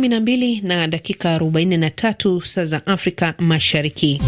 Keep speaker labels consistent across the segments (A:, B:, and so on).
A: kumi na mbili na dakika arobaini na tatu saa za Afrika Mashariki.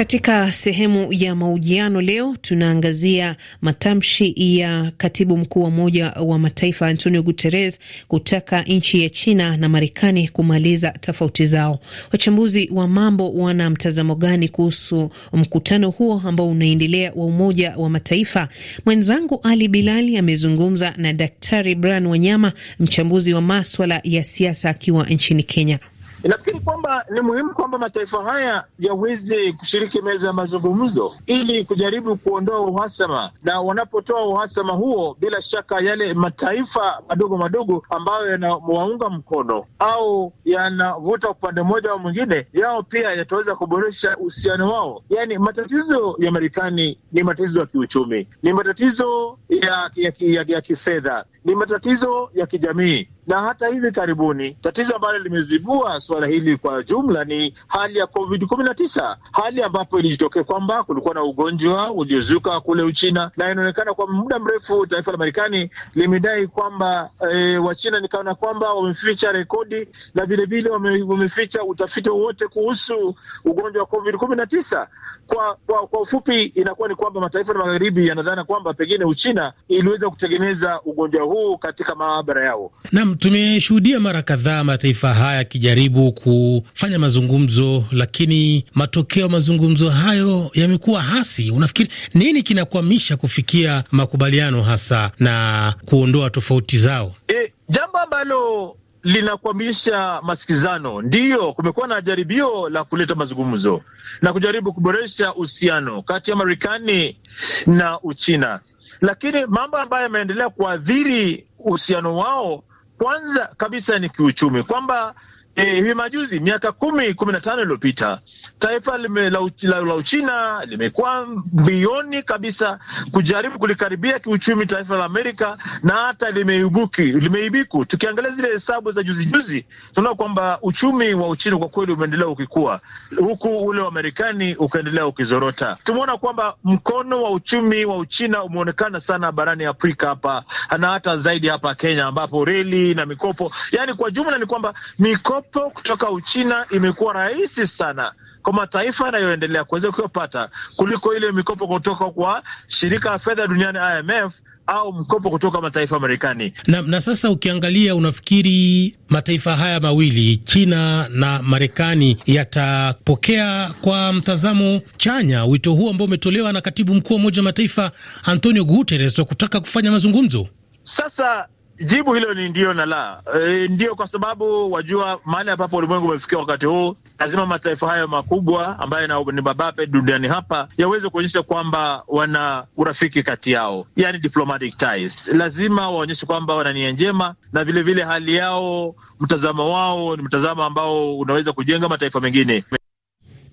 A: Katika sehemu ya mahojiano leo tunaangazia matamshi ya katibu mkuu wa Umoja wa Mataifa Antonio Guterres kutaka nchi ya China na Marekani kumaliza tofauti zao. Wachambuzi wa mambo wana mtazamo gani kuhusu mkutano huo ambao unaendelea wa Umoja wa Mataifa? Mwenzangu Ali Bilali amezungumza na Daktari Brian Wanyama, mchambuzi wa maswala ya siasa akiwa nchini Kenya.
B: Inafikiri kwamba ni muhimu kwamba mataifa haya yaweze kushiriki meza ya mazungumzo ili kujaribu kuondoa uhasama, na wanapotoa uhasama huo, bila shaka yale mataifa madogo madogo ambayo yanawaunga mkono au yanavuta upande mmoja au mwingine, yao pia yataweza kuboresha uhusiano wao. Yani, matatizo ya Marekani ni matatizo ya kiuchumi, ni matatizo ya, ya, ya, ya kifedha ni matatizo ya kijamii, na hata hivi karibuni tatizo ambalo limezibua suala hili kwa jumla ni hali ya Covid kumi na tisa, hali ambapo ilijitokea kwamba kulikuwa na ugonjwa uliozuka kule Uchina, na inaonekana kwa muda mrefu taifa la Marekani limedai kwamba e, Wachina nikaona kwamba wameficha rekodi na vilevile wame, wameficha utafiti wowote kuhusu ugonjwa wa Covid kumi na tisa kwa, kwa, kwa ufupi inakuwa ni kwamba mataifa ya magharibi yanadhana kwamba pengine Uchina iliweza kutengeneza ugonjwa huu katika maabara yao. Naam, tumeshuhudia mara kadhaa mataifa haya yakijaribu kufanya mazungumzo, lakini matokeo ya mazungumzo hayo yamekuwa hasi. Unafikiri nini kinakwamisha kufikia makubaliano hasa na kuondoa tofauti zao? E, jambo ambalo linakwamisha masikizano. Ndiyo, kumekuwa na jaribio la kuleta mazungumzo na kujaribu kuboresha uhusiano kati ya Marekani na Uchina, lakini mambo ambayo yameendelea kuathiri uhusiano wao, kwanza kabisa ni kiuchumi, kwamba E, hivi majuzi miaka kumi kumi na tano iliyopita taifa lime, la, la, la Uchina limekuwa mbioni kabisa kujaribu kulikaribia kiuchumi taifa la Amerika na hata limeibuki limeibiku. Tukiangalia zile hesabu za juzi juzi, tunaona kwamba uchumi wa Uchina kwa kweli umeendelea ukikua, huku ule wa Marekani ukaendelea ukizorota. Tumeona kwamba mkono wa uchumi wa Uchina umeonekana sana barani Afrika hapa na hata zaidi hapa Kenya, ambapo reli na mikopo, yani kwa jumla ni kwamba mikopo mikopo kutoka Uchina imekuwa rahisi sana kwa mataifa yanayoendelea kuweza kuyopata kuliko ile mikopo kutoka kwa shirika la fedha duniani IMF au mkopo kutoka mataifa ya Marekani. Na, na sasa ukiangalia, unafikiri mataifa haya mawili China na Marekani yatapokea kwa mtazamo chanya wito huo ambao umetolewa na katibu mkuu wa Umoja wa Mataifa Antonio Guterres wa kutaka kufanya mazungumzo? Sasa Jibu hilo ni ndio na la. E, ndio kwa sababu wajua mahali ambapo ulimwengu umefikia wakati huu, lazima mataifa hayo makubwa ambayo ni mababe duniani hapa yaweze kuonyesha kwamba wana urafiki kati yao, yani diplomatic ties. Lazima waonyeshe kwamba wana nia njema na vilevile vile hali yao, mtazamo wao ni mtazamo ambao unaweza kujenga mataifa mengine.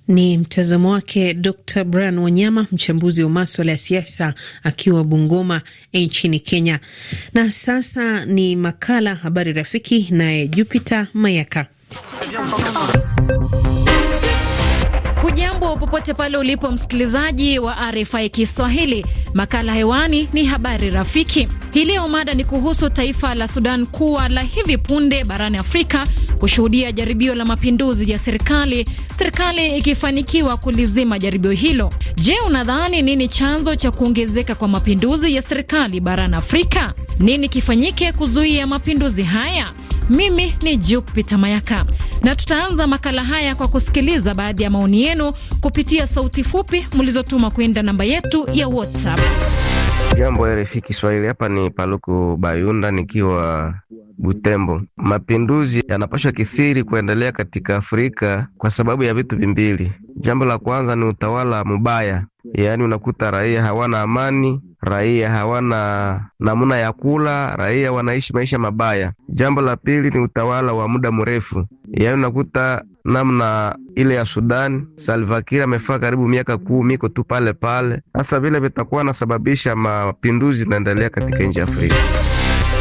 A: Ni mtazamo wake Dr Brian Wanyama, mchambuzi wa maswala ya siasa akiwa Bungoma eh, nchini Kenya. Na sasa ni makala Habari Rafiki, naye Jupiter Mayaka.
C: Hujambo popote pale ulipo msikilizaji wa RFI Kiswahili. Makala hewani ni habari rafiki. Hii leo mada ni kuhusu taifa la Sudan kuwa la hivi punde barani Afrika kushuhudia jaribio la mapinduzi ya serikali, serikali ikifanikiwa kulizima jaribio hilo. Je, unadhani nini chanzo cha kuongezeka kwa mapinduzi ya serikali barani Afrika? Nini kifanyike kuzuia mapinduzi haya? Mimi ni Jupita Mayaka na tutaanza makala haya kwa kusikiliza baadhi ya maoni yenu kupitia sauti fupi mlizotuma kwenda namba yetu ya WhatsApp.
B: Jambo ya rafiki Kiswahili, hapa ni Paluku Bayunda nikiwa Butembo. Mapinduzi yanapaswa kithiri kuendelea katika Afrika kwa sababu ya vitu vimbili. Jambo la kwanza ni utawala mubaya, yaani unakuta raia hawana amani, raia hawana namna ya kula, raia wanaishi maisha mabaya. Jambo la pili ni utawala wa muda mrefu, yaani unakuta namna ile ya Sudani, Salva Kiir amefaa karibu miaka kumi, iko tu pale pale. Sasa vile vitakuwa nasababisha mapinduzi inaendelea katika nchi ya Afrika.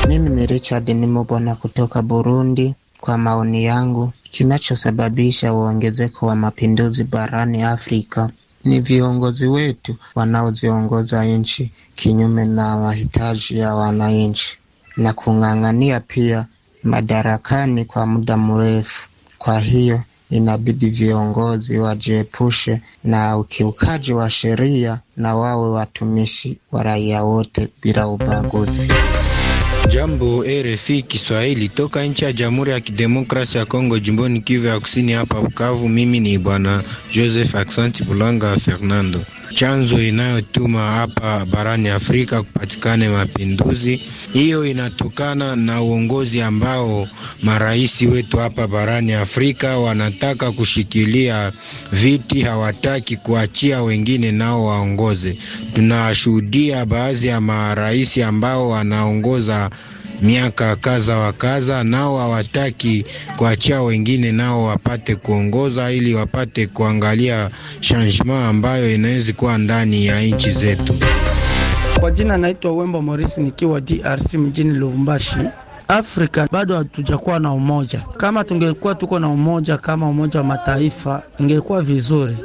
B: Mimi ni Richard Nimubona kutoka Burundi. Kwa maoni yangu, kinachosababisha uongezeko wa mapinduzi barani Afrika ni viongozi wetu wanaoziongoza nchi kinyume na mahitaji ya wananchi na kung'ang'ania pia madarakani kwa muda mrefu. Kwa hiyo inabidi viongozi wajiepushe na ukiukaji wa sheria na wawe watumishi wa raia wote bila ubaguzi. Jambo RFI Kiswahili toka nchi ya Jamhuri ya Kidemokrasia ya Kongo, jimboni Kivu ya Kusini, hapa Bukavu. Mimi ni bwana Joseph Aksanti Bulanga Fernando chanzo inayotuma hapa barani Afrika kupatikane mapinduzi. Hiyo inatokana na uongozi ambao marais wetu hapa barani Afrika wanataka kushikilia viti, hawataki kuachia wengine nao waongoze. Tunashuhudia baadhi ya marais ambao wanaongoza miaka kadha wa kadha, nao hawataki kuachia wengine nao wapate kuongoza, ili wapate kuangalia changement ambayo inaweza kuwa ndani ya nchi zetu. Kwa jina naitwa Wembo Morisi nikiwa DRC mjini Lubumbashi. Afrika bado hatujakuwa na umoja. Kama tungekuwa tuko na umoja kama Umoja wa Mataifa ingekuwa vizuri,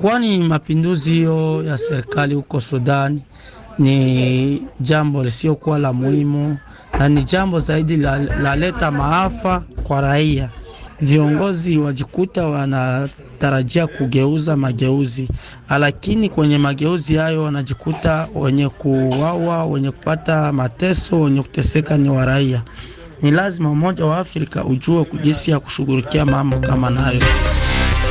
B: kwani mapinduzi hiyo ya serikali huko Sudani ni jambo lisiokuwa la muhimu na ni jambo zaidi laleta la maafa kwa raia. Viongozi wajikuta wanatarajia kugeuza mageuzi, lakini kwenye mageuzi hayo wanajikuta wenye kuwawa, wenye kupata mateso, wenye kuteseka ni waraia. Ni lazima Umoja wa Afrika ujue jinsi ya kushughulikia mambo kama nayo.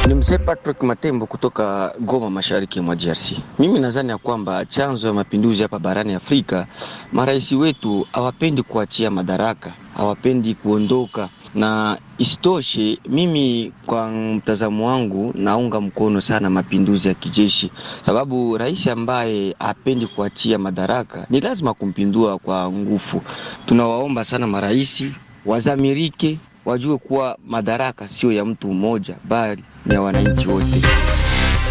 B: Ni mzee Patrick Matembo kutoka Goma, mashariki mwa DRC. Mimi nadhani ya kwamba chanzo ya mapinduzi hapa barani Afrika, marais wetu hawapendi kuachia madaraka, hawapendi kuondoka na isitoshe, mimi kwa mtazamo wangu naunga mkono sana mapinduzi ya kijeshi, sababu rais ambaye hapendi kuachia madaraka ni lazima kumpindua kwa nguvu. Tunawaomba sana marais wazamirike wajue kuwa madaraka sio ya mtu mmoja, bali ni ya wananchi wote.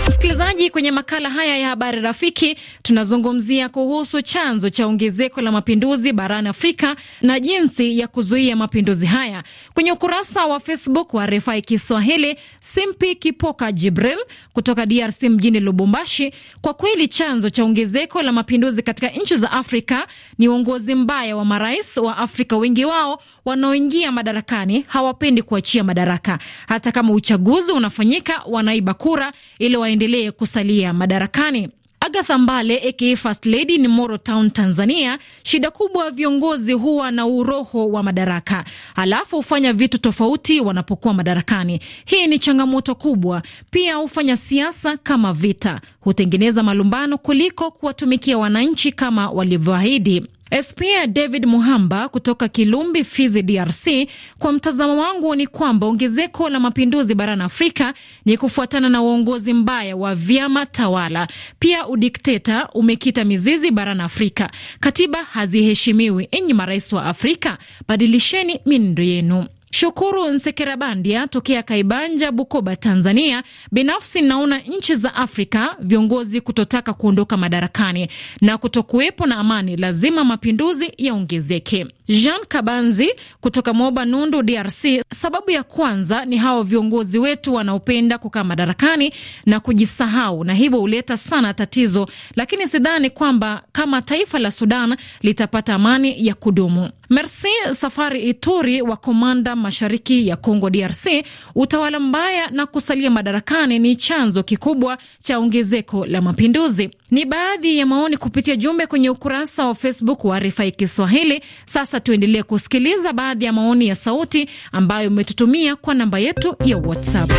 C: Msikilizaji, kwenye makala haya ya habari rafiki, tunazungumzia kuhusu chanzo cha ongezeko la mapinduzi barani Afrika na jinsi ya kuzuia mapinduzi haya. Kwenye ukurasa wa Facebook wa RFI Kiswahili, Simpi Kipoka Jibril kutoka DRC mjini Lubumbashi, kwa kweli chanzo cha ongezeko la mapinduzi katika nchi za Afrika ni uongozi mbaya wa marais wa Afrika. Wengi wao wanaoingia madarakani hawapendi kuachia madaraka, hata kama uchaguzi unafanyika, wanaiba kura ili wa waendelee kusalia madarakani. Agatha Mbale aka First Lady ni Moro Town, Tanzania. Shida kubwa, viongozi huwa na uroho wa madaraka, alafu hufanya vitu tofauti wanapokuwa madarakani. Hii ni changamoto kubwa. Pia hufanya siasa kama vita, hutengeneza malumbano kuliko kuwatumikia wananchi kama walivyoahidi. SP David Muhamba kutoka Kilumbi, Fizi, DRC. Kwa mtazamo wangu ni kwamba ongezeko la mapinduzi barani Afrika ni kufuatana na uongozi mbaya wa vyama tawala. Pia udikteta umekita mizizi barani Afrika, katiba haziheshimiwi. Enyi marais wa Afrika, badilisheni mienendo yenu. Shukuru Nsekerabandia tokea Kaibanja, Bukoba, Tanzania. Binafsi naona nchi za Afrika viongozi kutotaka kuondoka madarakani na kutokuwepo na amani, lazima mapinduzi yaongezeke. Jean Kabanzi kutoka Moba Nundu, DRC. Sababu ya kwanza ni hawa viongozi wetu wanaopenda kukaa madarakani na kujisahau, na hivyo huleta sana tatizo, lakini sidhani kwamba kama taifa la Sudan litapata amani ya kudumu. Merci Safari Ituri wa Komanda, mashariki ya congo DRC. Utawala mbaya na kusalia madarakani ni chanzo kikubwa cha ongezeko la mapinduzi. Ni baadhi ya maoni kupitia jumbe kwenye ukurasa wa Facebook wa RFI Kiswahili. Sasa tuendelee kusikiliza baadhi ya maoni ya sauti ambayo umetutumia kwa namba yetu ya WhatsApp.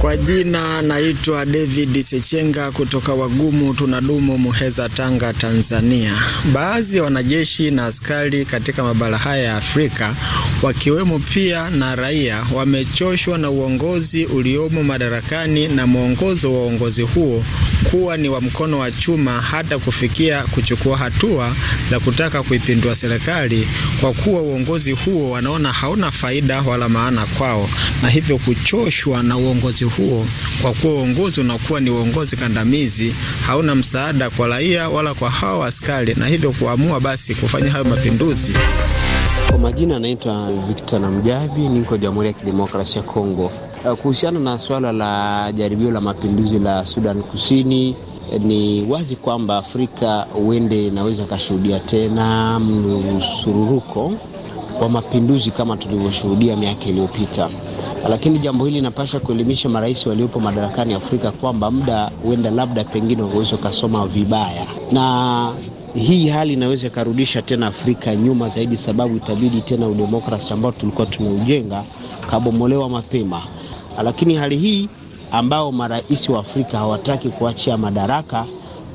B: Kwa jina naitwa David Sechenga kutoka Wagumu tunadumu Muheza, Tanga, Tanzania. Baadhi ya wanajeshi na askari katika mabara haya ya Afrika wakiwemo pia na raia wamechoshwa na uongozi uliomo madarakani na mwongozo wa uongozi huo kuwa ni wa mkono wa chuma hata kufikia kuchukua hatua za kutaka kuipindua serikali kwa kuwa uongozi huo wanaona hauna faida wala maana kwao na hivyo kuchoshwa na uongozi huo, kwa kuwa uongozi unakuwa ni uongozi kandamizi, hauna msaada kwa raia wala kwa hawa askari, na hivyo kuamua basi kufanya hayo mapinduzi. Kwa majina anaitwa Victor Namjavi, niko Jamhuri ya Kidemokrasia ya Kongo. Eh, kuhusiana na swala la jaribio la mapinduzi la Sudan Kusini, eh, ni wazi kwamba Afrika uende inaweza kashuhudia tena msururuko wa mapinduzi kama tulivyoshuhudia miaka iliyopita. Lakini jambo hili linapaswa kuelimisha marais waliopo madarakani Afrika kwamba muda huenda labda pengine waweza ukasoma vibaya, na hii hali inaweza ikarudisha tena Afrika nyuma zaidi, sababu itabidi tena udemokrasi ambao tulikuwa tumeujenga kabomolewa mapema. Lakini hali hii ambao marais wa Afrika hawataki kuachia madaraka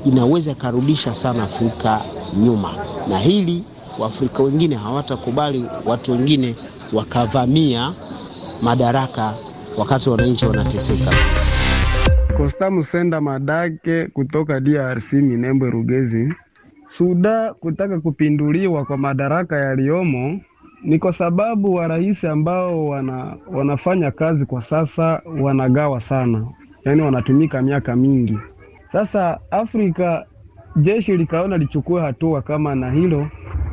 B: inaweza ikarudisha sana Afrika nyuma, na hili Waafrika wengine hawatakubali watu wengine wakavamia madaraka wakati wananchi wanateseka. Kosta Musenda Madake kutoka DRC, Minembwe, Rugezi. Suda kutaka kupinduliwa kwa madaraka yaliyomo ni kwa sababu wa rais ambao wana, wanafanya kazi kwa sasa wanagawa sana, yaani wanatumika miaka mingi. Sasa Afrika jeshi likaona lichukue hatua kama na hilo,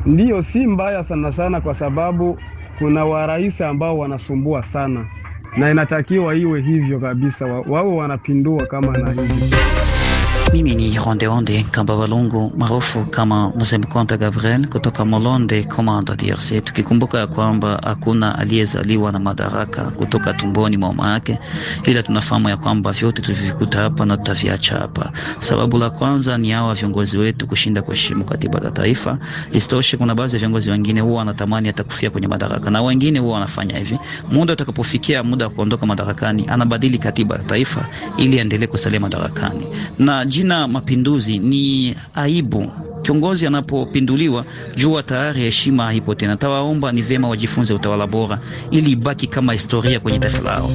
B: ndiyo si mbaya sana sana, kwa sababu kuna warais ambao wanasumbua sana, na inatakiwa iwe hivyo kabisa, wawe wanapindua kama na hivyo.
C: Mimi ni Rondeonde Kamba Balungu maarufu kama Mzee Mkonta Gabriel kutoka Molonde Komanda, DRC, tukikumbuka ya kwamba hakuna aliyezaliwa na madaraka kutoka tumboni mwa mama yake, ila tunafahamu ya kwamba vyote tulivyokuta hapa na tutaviacha hapa. Sababu la kwanza ni hawa viongozi wetu kushinda kuheshimu katiba za taifa. Isitoshe, kuna baadhi ya viongozi wengine huwa wanatamani hata kufia kwenye madaraka, na wengine huwa wanafanya hivi: muda utakapofikia muda wa kuondoka madarakani, anabadili katiba ya taifa ili aendelee kusalia madarakani na jina mapinduzi ni aibu. Kiongozi anapopinduliwa, jua tayari heshima haipo tena. Tawaomba ni vyema wajifunze utawala bora, ili ibaki kama historia kwenye taifa lao.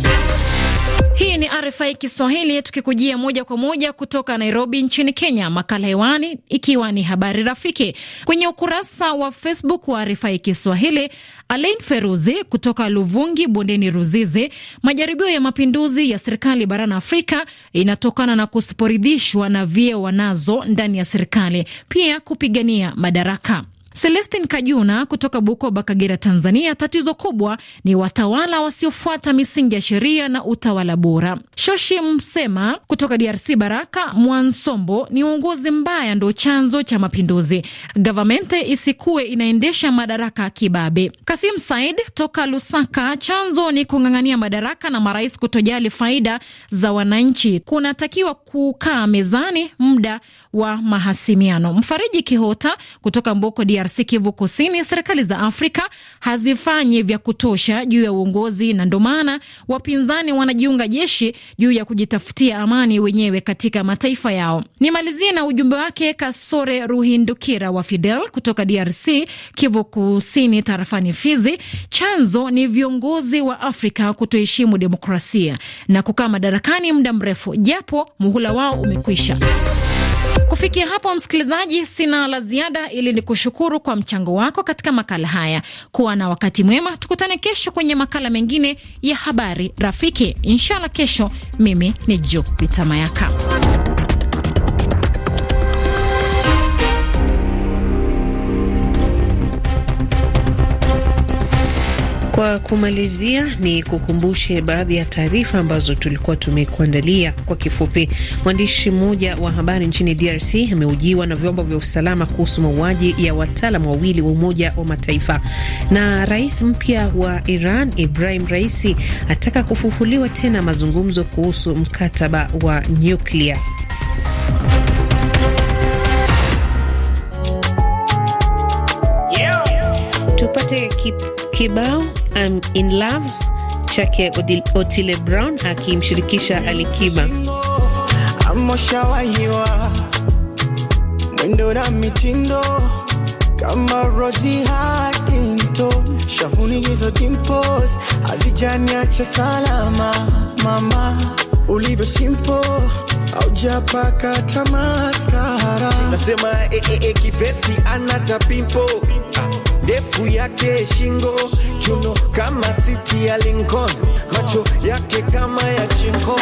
C: RFI Kiswahili tukikujia moja kwa moja kutoka Nairobi nchini Kenya. Makala hewani ikiwa ni habari rafiki. Kwenye ukurasa wa Facebook wa RFI Kiswahili, Alain Feruzi kutoka Luvungi bondeni Ruzizi, majaribio ya mapinduzi ya serikali barani Afrika inatokana na kusiporidhishwa na vyeo wanazo ndani ya serikali, pia kupigania madaraka. Celestin Kajuna kutoka Bukoba, Kagera, Tanzania, tatizo kubwa ni watawala wasiofuata misingi ya sheria na utawala bora. Shoshi Msema kutoka DRC, Baraka Mwansombo, ni uongozi mbaya ndo chanzo cha mapinduzi, gavamente isikuwe inaendesha madaraka kibabe. Kasim Said toka Lusaka, chanzo ni kung'ang'ania madaraka na marais kutojali faida za wananchi, kunatakiwa kukaa mezani muda wa mahasimiano. Mfariji Kihota kutoka Mboko, DRC DRC Kivu Kusini, serikali za Afrika hazifanyi vya kutosha juu ya uongozi, na ndo maana wapinzani wanajiunga jeshi juu ya kujitafutia amani wenyewe katika mataifa yao. Nimalizie na ujumbe wake Kasore Ruhindukira wa Fidel kutoka DRC Kivu Kusini, tarafani Fizi. Chanzo ni viongozi wa Afrika kutoheshimu demokrasia na kukaa madarakani muda mrefu, japo muhula wao umekwisha. Kufikia hapo msikilizaji, sina la ziada ili ni kushukuru kwa mchango wako katika makala haya. Kuwa na wakati mwema, tukutane kesho kwenye makala mengine ya habari rafiki. Inshallah, kesho mimi ni Jupita Mayaka.
A: Kwa kumalizia, ni kukumbushe baadhi ya taarifa ambazo tulikuwa tumekuandalia kwa kifupi. Mwandishi mmoja wa habari nchini DRC ameujiwa na vyombo vya usalama kuhusu mauaji ya wataalam wawili wa Umoja wa Mataifa, na rais mpya wa Iran Ibrahim Raisi ataka kufufuliwa tena mazungumzo kuhusu mkataba wa nyuklia. Tupate kibao I'm in love chake Otile Brown akimshirikisha Alikiba. Amoshawahiwa
B: mwendo na mitindo kama Rosie Huntington, shavuni hizo dimples hazijaniacha salama. Mama ulivyo simple haujapaka tamaskara, nasema ee, eh, eh, kifesi anata pimpo ndefu yake shingo, chuno kama siti ya Lincoln, macho yake kama ya chingo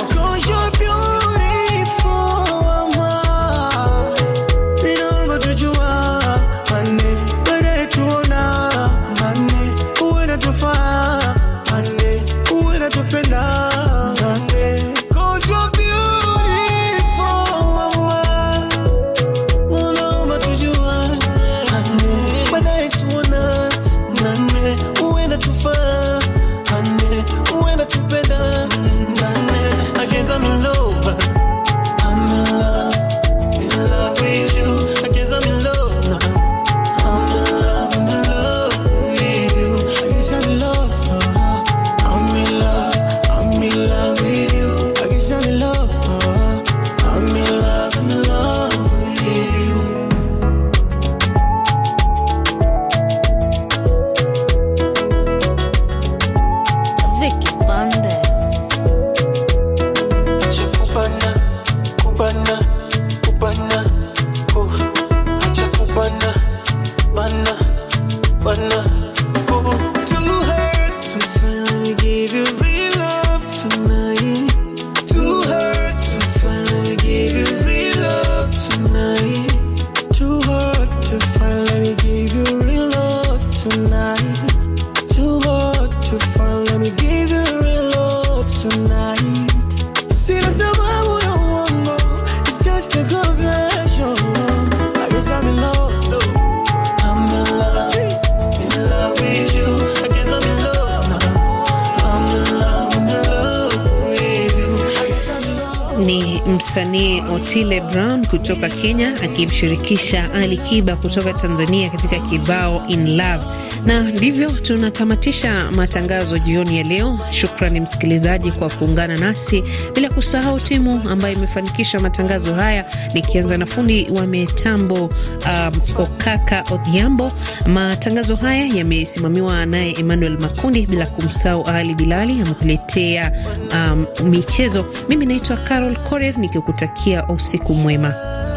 A: msanii Otile Brown kutoka Kenya akimshirikisha Ali Kiba kutoka Tanzania katika kibao In Love. Na ndivyo tunatamatisha matangazo jioni ya leo. Shukrani msikilizaji kwa kuungana nasi, bila kusahau timu ambayo imefanikisha matangazo haya, nikianza na fundi wa mitambo um, Okaka Odhiambo. Matangazo haya yamesimamiwa naye Emmanuel Makundi, bila kumsahau Ali Bilali amekuletea um, michezo. Mimi naitwa Carol Korir niki kutakia usiku mwema.